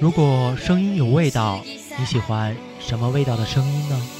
如果聲音有味道，你喜歡什麼味道的聲音呢？.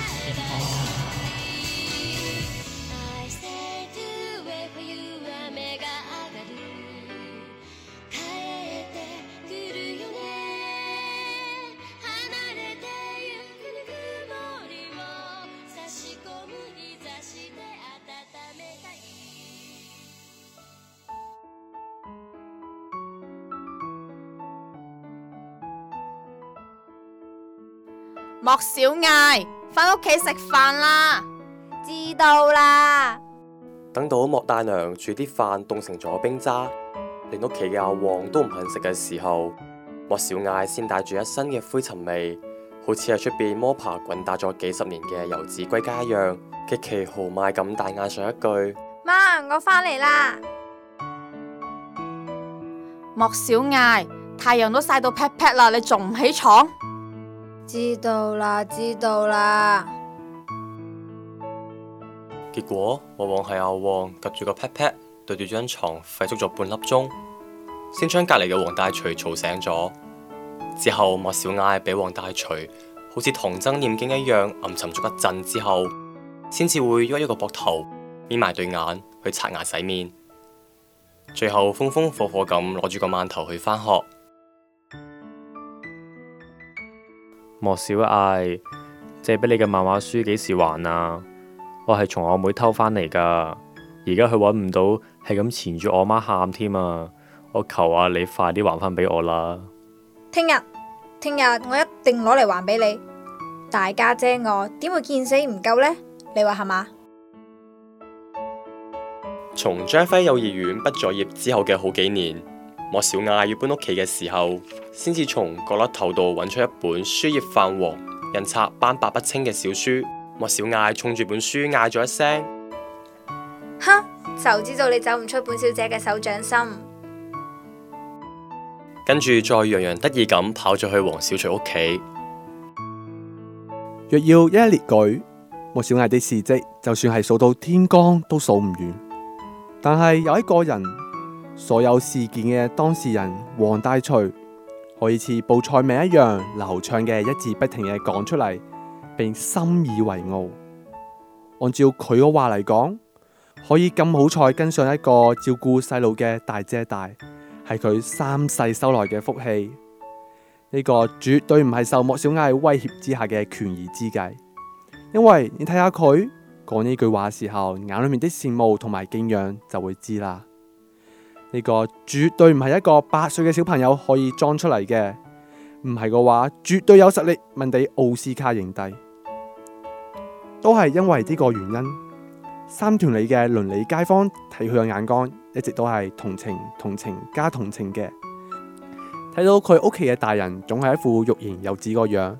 莫小艾，返屋企食飯啦！知道啦。等到莫大娘煮啲飯凍成咗冰渣，連屋企嘅阿旺都唔肯食嘅時候，莫小艾先帶住一身嘅灰塵味，好似喺出邊摸爬滾打咗幾十年嘅遊子歸家一樣，極其豪邁咁大嗌上一句：媽，我返嚟啦！莫小艾，太陽都曬到劈劈 t 啦，你仲唔起床？知道啦，知道啦。結果往往係阿旺夾住個 pat pat，對住張床吠足咗半粒鐘，先將隔籬嘅黃大錘嘈醒咗。之後莫小艾俾黃大錘好似唐僧念經一樣暗沉咗一陣之後，先至會喐喐個膊頭，眯埋對眼去刷牙洗面，最後風風火火咁攞住個饅頭去翻學。莫小艾，借俾你嘅漫畫書幾時還啊？我係從我妹妹偷返嚟噶，而家佢揾唔到，係咁纏住我阿媽喊添啊！我求下你快啲還返俾我啦！聽日，聽日我一定攞嚟還俾你，大家姐我點會見死唔救呢？你話係嘛？從張飛幼兒園畢咗業之後嘅好幾年。莫小艾要搬屋企嘅時候，先至從角落頭度揾出一本書頁泛黃、印刷斑白不清嘅小書。莫小艾衝住本書嗌咗一聲：哼，就知道你走唔出本小姐嘅手掌心。跟住再洋洋得意咁跑咗去黃小翠屋企。若要一列舉莫小艾啲事跡，就算係數到天光都數唔完。但係有一個人。所有事件嘅當事人黃大翠可以似報菜名一樣流暢嘅一字不停嘅講出嚟，並深以為傲。按照佢嘅話嚟講，可以咁好彩跟上一個照顧細路嘅大姐大，係佢三世修來嘅福氣。呢個絕對唔係受莫小艾威脅之下嘅權宜之計，因為你睇下佢講呢句話時候眼裏面的羨慕同埋敬仰就會知啦。呢個絕對唔係一個八歲嘅小朋友可以裝出嚟嘅，唔係嘅話絕對有實力問你奧斯卡影帝，都係因為呢個原因，三團裏嘅鄰里街坊睇佢嘅眼光，一直都係同情、同情加同情嘅。睇到佢屋企嘅大人，總係一副欲言又止個樣，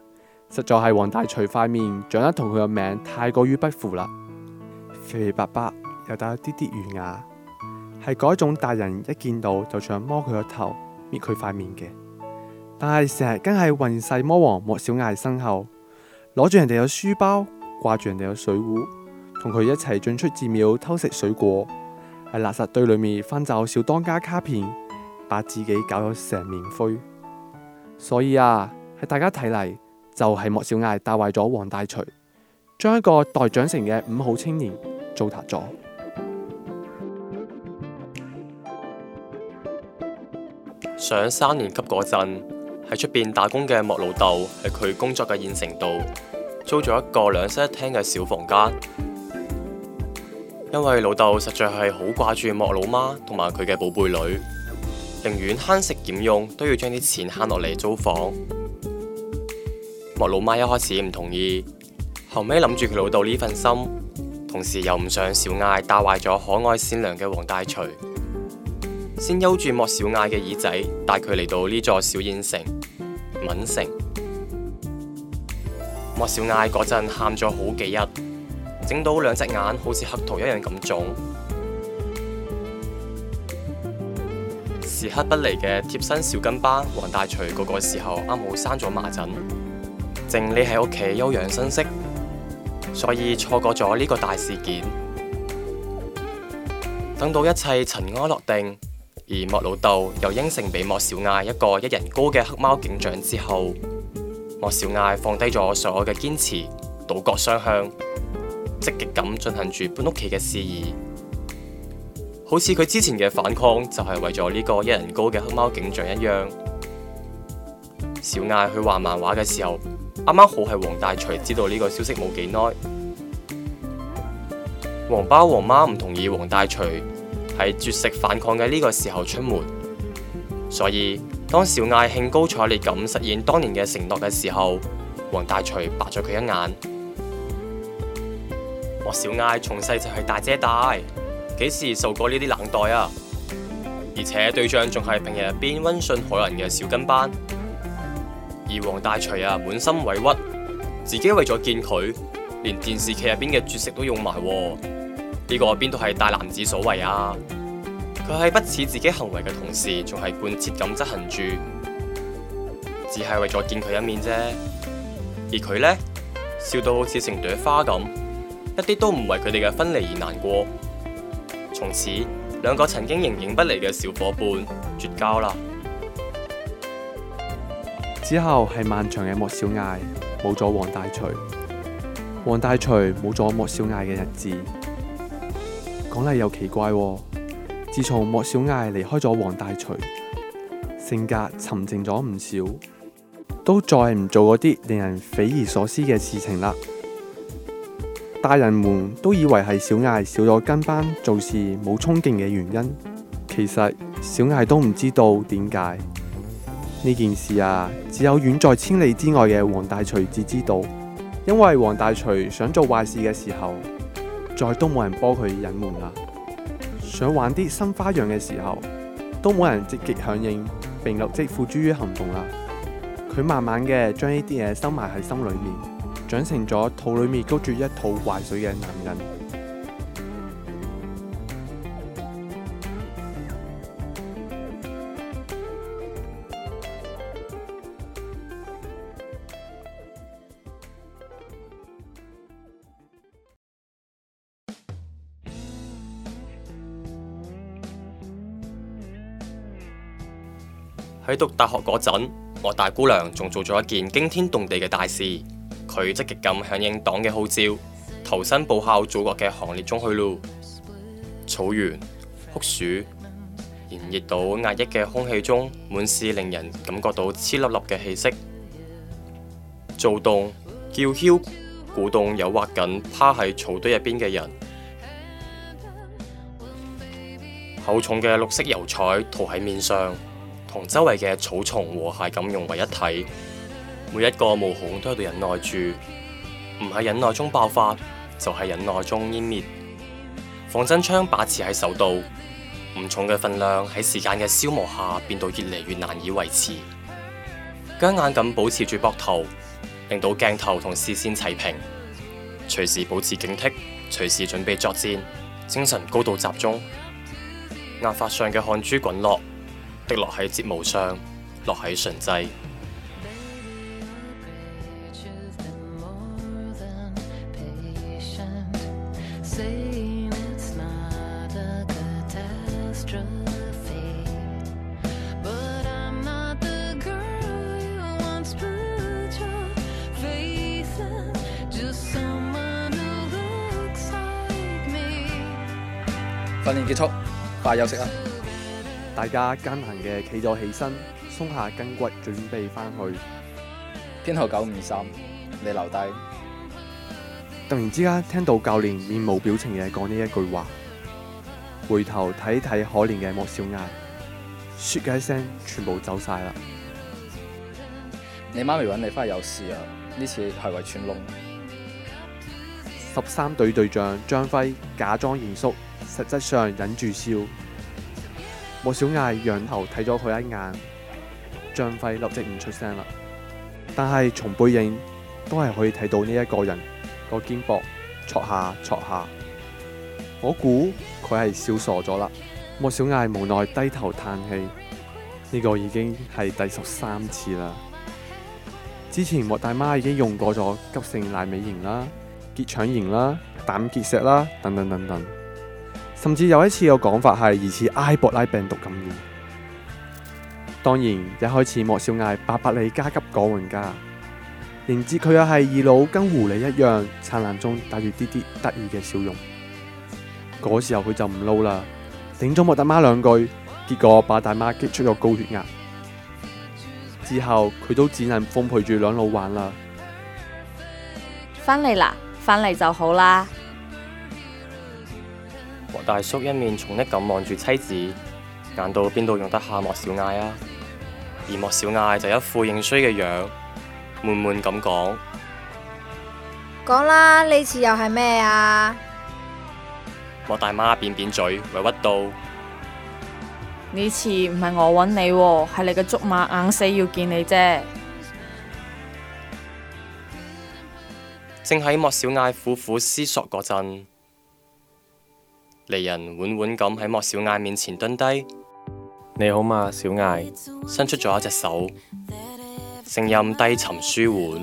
實在係黃大錘塊面長得同佢嘅名太過於不符啦，肥肥白白又帶一啲啲乳牙。係嗰種大人一見到就想摸佢個頭、搣佢塊面嘅，但係成日跟喺混世魔王莫小艾身後，攞住人哋嘅書包，掛住人哋嘅水壺，同佢一齊進出寺廟偷食水果，喺垃圾堆裏面翻找小當家卡片，把自己搞到成面灰。所以啊，喺大家睇嚟就係、是、莫小艾帶壞咗王大錘，將一個待長成嘅五好青年糟蹋咗。上三年級嗰陣，喺出邊打工嘅莫老豆喺佢工作嘅縣城度租咗一個兩室一廳嘅小房間，因為老豆實在係好掛住莫老媽同埋佢嘅寶貝女，寧願慳食儉用都要將啲錢慳落嚟租房。莫老媽一開始唔同意，後尾諗住佢老豆呢份心，同時又唔想小艾帶壞咗可愛善良嘅黃大廚。先揪住莫小艾嘅耳仔，帶佢嚟到呢座小縣城，敏城。莫小艾嗰陣喊咗好幾日，整到兩隻眼好似核桃一樣咁腫。時刻不離嘅貼身小跟班黃大廚嗰個時候啱好生咗麻疹，正匿喺屋企休養生息，所以錯過咗呢個大事件。等到一切塵埃落定。而莫老豆又應承俾莫小艾一個一人高嘅黑貓警長之後，莫小艾放低咗所有嘅堅持，倒戈相向，積極咁進行住搬屋企嘅事宜，好似佢之前嘅反抗就係為咗呢個一人高嘅黑貓警長一樣。小艾去畫漫畫嘅時候，啱啱好係黃大錘知道呢個消息冇幾耐，黃爸黃媽唔同意黃大錘。喺絕食反抗嘅呢個時候出門，所以當小艾興高采烈咁實現當年嘅承諾嘅時候，黃大錘白咗佢一眼。我、哦、小艾從細就係大姐大，幾時受過呢啲冷待啊？而且對象仲係平日入邊溫順可人嘅小跟班，而黃大錘啊滿心委屈，自己為咗見佢，連電視劇入邊嘅絕食都用埋。呢、這個邊度係大男子所為啊！佢喺不似自己行為嘅同時，仲係貫徹咁執行住，只係為咗見佢一面啫。而佢呢，笑到好似成朵花咁，一啲都唔為佢哋嘅分離而難過。從此兩個曾經形影不離嘅小伙伴絕交啦。之後係漫長嘅莫小艾冇咗王大錘，王大錘冇咗莫小艾嘅日子。講嚟又奇怪，哦，自從莫小艾離開咗黃大廚，性格沉靜咗唔少，都再唔做嗰啲令人匪夷所思嘅事情啦。大人們都以為係小艾少咗跟班，做事冇衝勁嘅原因。其實小艾都唔知道點解。呢件事啊，只有遠在千里之外嘅黃大廚至知道，因為黃大廚想做壞事嘅時候。再都冇人幫佢隱瞞啦，想玩啲新花樣嘅時候，都冇人積極響應並立即付諸於行動啦。佢慢慢嘅將呢啲嘢收埋喺心裏面，長成咗肚裏面谷住一肚壞水嘅男人。喺讀大學嗰陣，我大姑娘仲做咗一件驚天動地嘅大事。佢積極咁響應黨嘅號召，投身報效祖國嘅行列中去咯。草原酷暑，炎熱到壓抑嘅空氣中，滿是令人感覺到黐笠笠嘅氣息。躁動、叫囂、鼓動，誘惑緊趴喺草堆入邊嘅人。厚重嘅綠色油彩塗喺面上。同周圍嘅草叢和諧咁融為一體，每一個毛孔都喺度忍耐住，唔係忍耐中爆發，就係忍耐中湮滅。仿真槍把持喺手度，唔重嘅分量喺時間嘅消磨下變到越嚟越難以維持。僵硬咁保持住膊頭，令到鏡頭同視線齊平，隨時保持警惕，隨時準備作戰，精神高度集中。額發上嘅汗珠滾落。落喺睫毛上，落喺唇際。訓練結束，快休息啊！大家艱難嘅企咗起身，鬆下筋骨，準備翻去。編號九五三，你留低。突然之間聽到教練面無表情嘅講呢一句話，回頭睇睇可憐嘅莫小艾，雪嘅聲全部走晒啦。你媽咪揾你翻嚟有事啊？呢次係為穿窿。十三隊隊長張輝假裝嚴肅，實質上忍住笑。莫小艾仰頭睇咗佢一眼，張飛立即唔出聲啦。但係從背影都係可以睇到呢一個人個肩膊戳下戳下，我估佢係笑傻咗啦。莫小艾無奈低頭嘆氣，呢、這個已經係第十三次啦。之前莫大媽已經用過咗急性闌尾炎啦、結腸炎啦、膽結石啦，等等等等。甚至有一次有講法係疑似埃博拉病毒感染，當然一開始莫少艾八百里加急趕回家，迎接佢又係二老跟狐狸一樣燦爛中帶住啲啲得意嘅笑容。嗰時候佢就唔撈啦，頂咗莫大媽兩句，結果把大媽激出咗高血壓。之後佢都只能奉陪住兩老玩啦。翻嚟啦，翻嚟就好啦。大叔一面寵溺咁望住妻子，難道邊度用得下莫小艾啊？而莫小艾就一副認衰嘅樣，悶悶咁講：講啦，呢次又係咩啊？莫大媽扁扁嘴，委屈道：呢次唔係我揾你喎，係你嘅竹馬硬死要見你啫。正喺莫小艾苦苦思索嗰陣。離人緩緩咁喺莫小艾面前蹲低，你好嘛，小艾，伸出咗一隻手，聲音低沉舒緩，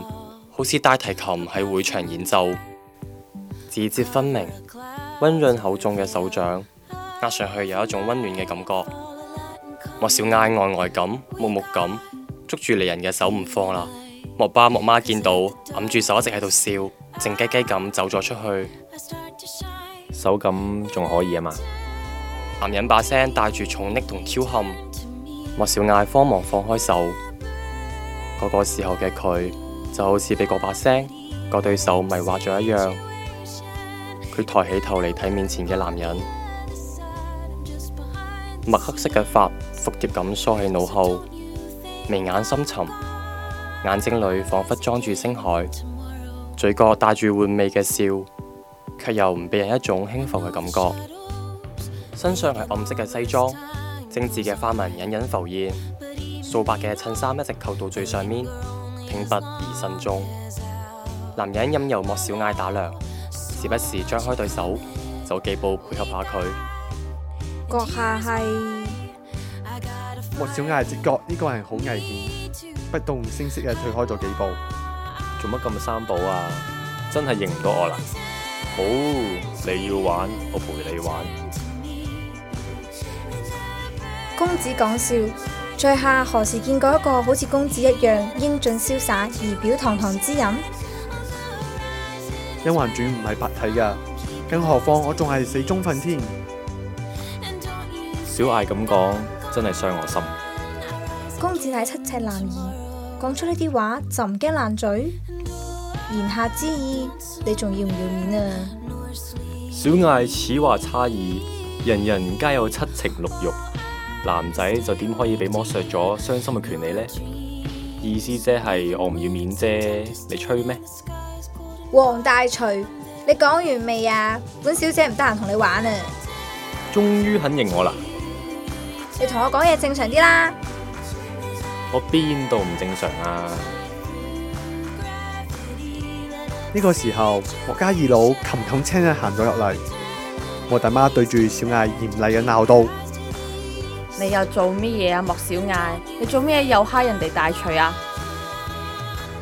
好似大提琴喺會場演奏，指節分明，溫潤厚重嘅手掌，握上去有一種温暖嘅感覺。莫小艾呆呆咁，木木咁捉住離人嘅手唔放啦。莫爸莫媽見到，揞住手一直喺度笑，靜雞雞咁走咗出去。手感仲可以啊嘛！男人把聲帶住寵溺同挑釁，莫小艾慌忙放開手。嗰、那個時候嘅佢就好似被嗰把聲、嗰對手迷惑咗一樣。佢抬起頭嚟睇面前嘅男人，墨黑色嘅髮服帖咁梳喺腦後，眉眼深沉，眼睛裏仿佛裝住星海，嘴角帶住玩味嘅笑，卻又唔俾人一種輕浮嘅感覺。身上係暗色嘅西裝，精致嘅花紋隱隱浮現。素白嘅襯衫一直扣到最上面，挺拔而慎重。男人任由莫小艾打量，時不時張開對手走幾步配合下佢。閣下係莫小艾，直覺呢個人好危險，不動聲色嘅退開咗幾步。做乜咁生保啊？真係認唔到我啦！好、oh，你要玩，我陪你玩。公子講笑，在下何時見過一個好似公子一樣英俊瀟灑、儀表堂堂之人？《甄嬛傳》唔係白睇噶，更何況我仲係死忠粉添。小艾咁講，真係傷我心。公子係七尺男兒，講出呢啲話就唔驚爛嘴。言下之意，你仲要唔要面啊？小艾此話差矣，人人皆有七情六欲，男仔就點可以俾剝削咗傷心嘅權利呢？意思即係，我唔要面啫，你吹咩？黃大錘，你講完未啊？本小姐唔得閒同你玩啊！終於肯認我啦？你同我講嘢正常啲啦！我邊度唔正常啊？呢、這個時候，莫家二老琴琴青一行咗入嚟，莫大媽對住小艾嚴厲嘅鬧道：「你又做乜嘢啊？莫小艾，你做咩又蝦人哋大錘啊？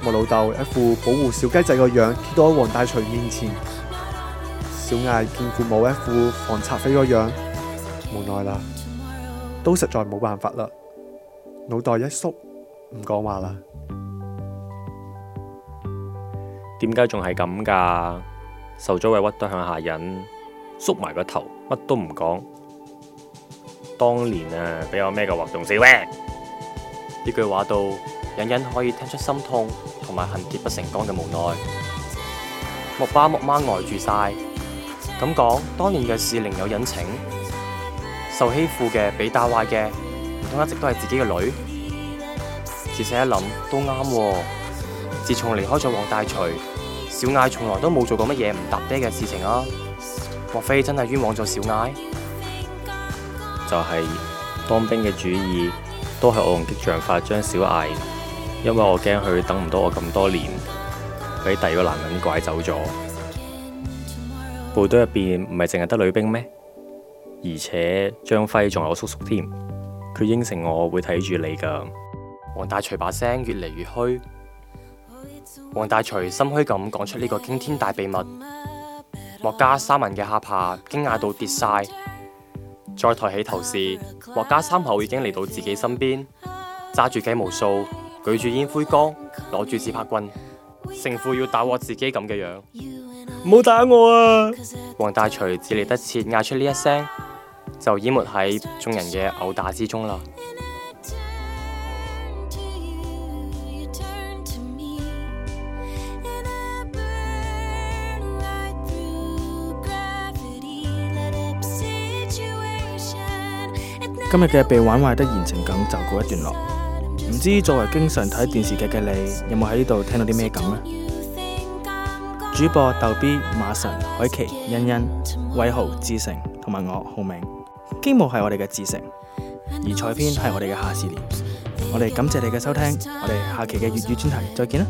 莫老豆一副保護小雞仔個樣企到喺黃大錘面前，小艾見父母一副防賊飛個樣，無奈啦，都實在冇辦法啦，腦袋一縮，唔講話啦。點解仲係咁噶？受咗委屈都向下忍，縮埋個頭，乜都唔講。當年啊，俾我咩嘅話仲少？呢句話到，隱隱可以聽出心痛同埋恨鐵不成鋼嘅無奈。木爸木媽呆住晒，咁講當年嘅事另有隱情。受欺負嘅，俾打壞嘅，唔通一直都係自己嘅女。仔細一諗，都啱喎。自從離開咗黃大錘，小艾從來都冇做過乜嘢唔搭爹嘅事情啊！莫非真係冤枉咗小艾？就係當兵嘅主意都係我用激將法將小艾，因為我驚佢等唔到我咁多年，俾第二個男人拐走咗。部隊入邊唔係淨係得女兵咩？而且張輝仲係我叔叔添，佢應承我會睇住你噶。黃大錘把聲越嚟越虛。黃大錘心虛咁講出呢個驚天大秘密，莫家三人嘅下巴驚訝到跌晒。再抬起頭時，莫家三口已經嚟到自己身邊，揸住雞毛掃，舉住煙灰缸，攞住自拍棍，成副要打我自己咁嘅樣。唔好打我啊！黃大錘只嚟得切，嗌出呢一聲，就淹沒喺眾人嘅毆打之中啦。今日嘅被玩壞的言情梗就告一段落，唔知作為經常睇電視劇嘅你，有冇喺呢度聽到啲咩梗呢？So、主播逗 B、馬神、海琪、欣欣、偉豪、志成同埋我浩明，經幕係我哋嘅志成，而彩片係我哋嘅夏士廉。我哋感謝你嘅收聽，我哋下期嘅粵語專題再見啦。